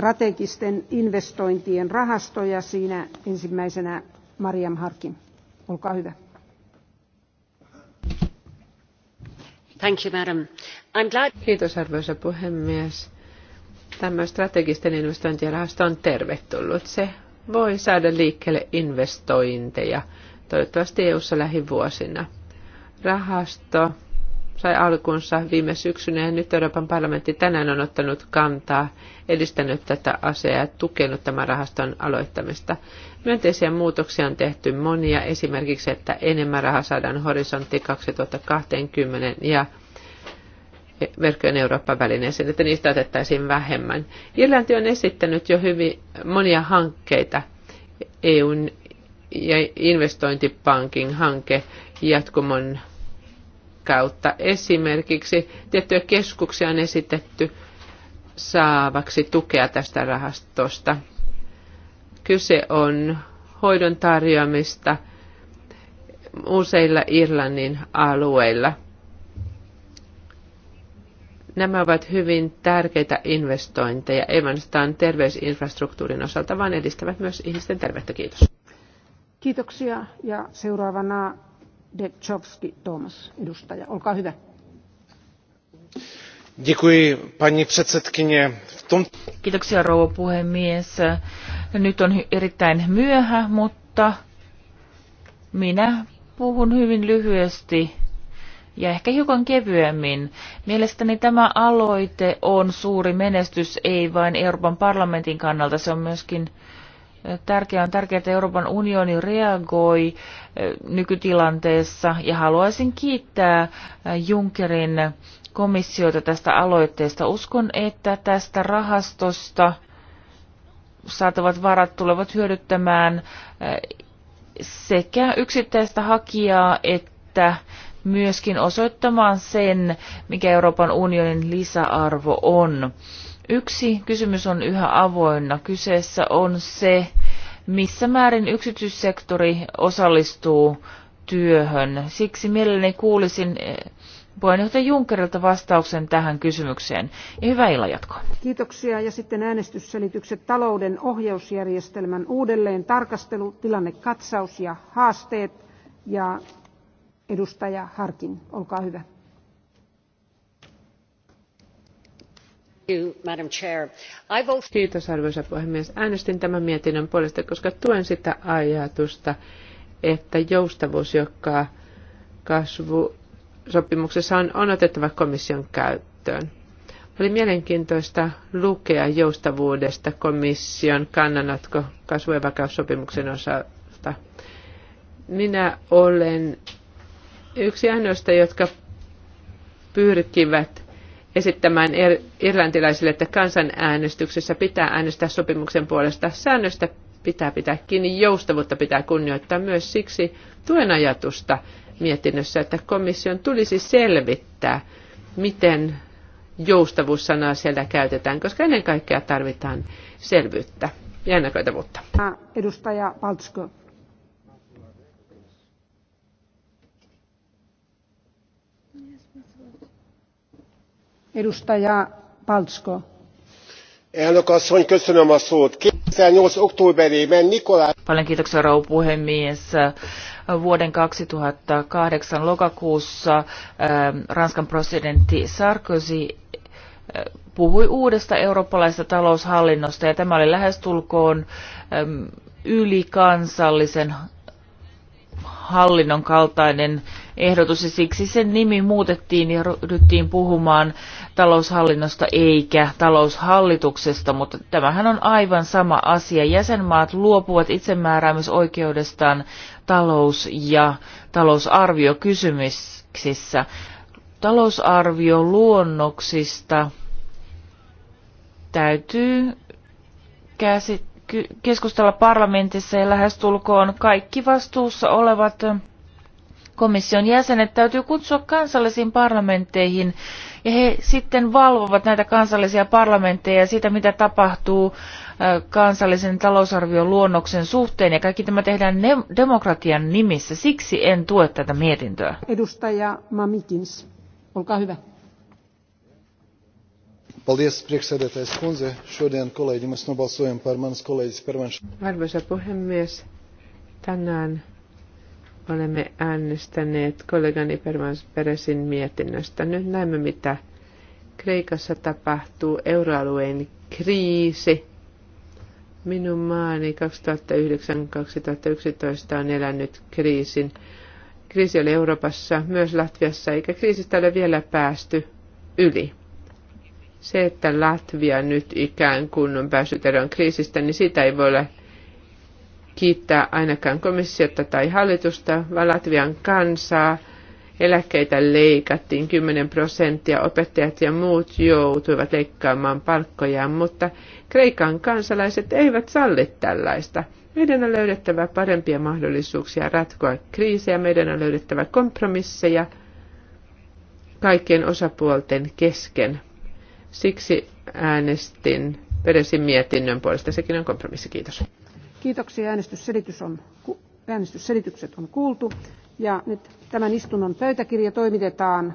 strategisten investointien rahasto ja siinä ensimmäisenä Mariam Harkin. Olkaa hyvä. Thank you, madam. I'm glad... Kiitos arvoisa puhemies. Tämä strategisten investointien rahasto on tervetullut. Se voi saada liikkeelle investointeja, toivottavasti EU-ssa lähivuosina. Rahasto sai alkunsa viime syksynä ja nyt Euroopan parlamentti tänään on ottanut kantaa, edistänyt tätä asiaa ja tukenut tämän rahaston aloittamista. Myönteisiä muutoksia on tehty monia, esimerkiksi että enemmän rahaa saadaan horisontti 2020 ja verkkojen Eurooppa välineeseen, että niistä otettaisiin vähemmän. Irlanti on esittänyt jo hyvin monia hankkeita, EUn ja investointipankin hanke, jatkumon kautta. Esimerkiksi tiettyjä keskuksia on esitetty saavaksi tukea tästä rahastosta. Kyse on hoidon tarjoamista useilla Irlannin alueilla. Nämä ovat hyvin tärkeitä investointeja, ei vain terveysinfrastruktuurin osalta, vaan edistävät myös ihmisten terveyttä. Kiitos. Kiitoksia ja seuraavana Dechovsky Thomas, edustaja. Olkaa hyvä. Kiitoksia, rouva puhemies. Nyt on erittäin myöhä, mutta minä puhun hyvin lyhyesti ja ehkä hiukan kevyemmin. Mielestäni tämä aloite on suuri menestys, ei vain Euroopan parlamentin kannalta, se on myöskin tärkeää on tärkeää, että Euroopan unioni reagoi eh, nykytilanteessa ja haluaisin kiittää eh, Junckerin komissiota tästä aloitteesta. Uskon, että tästä rahastosta saatavat varat tulevat hyödyttämään eh, sekä yksittäistä hakijaa että myöskin osoittamaan sen, mikä Euroopan unionin lisäarvo on. Yksi kysymys on yhä avoinna. Kyseessä on se, missä määrin yksityissektori osallistuu työhön. Siksi mielelläni kuulisin eh, puheenjohtaja Junckerilta vastauksen tähän kysymykseen. Ja hyvää illanjatkoa. Kiitoksia ja sitten äänestysselitykset talouden ohjausjärjestelmän uudelleen tarkastelu, tilannekatsaus ja haasteet. Ja edustaja Harkin, olkaa hyvä. Kiitos arvoisa puhemies. Äänestin tämän mietinnön puolesta, koska tuen sitä ajatusta, että joustavuus, joka kasvusopimuksessa on, on otettava komission käyttöön. Oli mielenkiintoista lukea joustavuudesta komission kannanotko kasvu- ja vakaussopimuksen osalta. Minä olen yksi ainoista, jotka pyrkivät esittämään irlantilaisille, että kansanäänestyksessä pitää äänestää sopimuksen puolesta. Säännöstä pitää pitää kiinni, joustavuutta pitää kunnioittaa myös siksi tuen ajatusta mietinnössä, että komission tulisi selvittää, miten joustavuussanaa siellä käytetään, koska ennen kaikkea tarvitaan selvyyttä ja ennakoitavuutta. Edustaja Paltsko elnök asszony two thousand and eight októberében nikolaj. paljon kiitoksia rouva puhemies. Vuoden 2008 lokakuussa ähm, Ranskan presidentti Sarkozy äh, puhui uudesta eurooppalaisesta taloushallinnosta ja tämä oli lähestulkoon ähm, ylikansallisen hallinnon kaltainen ehdotus ja siksi sen nimi muutettiin ja ryhdyttiin puhumaan taloushallinnosta eikä taloushallituksesta, mutta tämähän on aivan sama asia. Jäsenmaat luopuvat itsemääräämisoikeudestaan talous- ja talousarviokysymyksissä. luonnoksista täytyy käsit- keskustella parlamentissa ja lähestulkoon kaikki vastuussa olevat komission jäsenet täytyy kutsua kansallisiin parlamentteihin ja he sitten valvovat näitä kansallisia parlamentteja ja sitä, mitä tapahtuu äh, kansallisen talousarvion luonnoksen suhteen. Ja kaikki tämä tehdään demokratian nimissä. Siksi en tue tätä mietintöä. Edustaja Mamikins, olkaa hyvä. Arvoisa puhemies, tänään olemme äänestäneet kollegani Permans Peresin mietinnöstä. Nyt näemme, mitä Kreikassa tapahtuu, euroalueen kriisi. Minun maani 2009-2011 on elänyt kriisin. Kriisi oli Euroopassa, myös Latviassa, eikä kriisistä ole vielä päästy yli. Se, että Latvia nyt ikään kuin on päässyt eroon kriisistä, niin sitä ei voi olla kiittää ainakaan komissiota tai hallitusta, vaan Latvian kansaa. Eläkkeitä leikattiin 10 prosenttia, opettajat ja muut joutuivat leikkaamaan palkkojaan, mutta Kreikan kansalaiset eivät salli tällaista. Meidän on löydettävä parempia mahdollisuuksia ratkoa kriisejä, meidän on löydettävä kompromisseja kaikkien osapuolten kesken. Siksi äänestin Peresin mietinnön puolesta. Sekin on kompromissi. Kiitos. Kiitoksia. Äänestysselitys on, äänestysselitykset on kuultu. Ja nyt tämän istunnon pöytäkirja toimitetaan.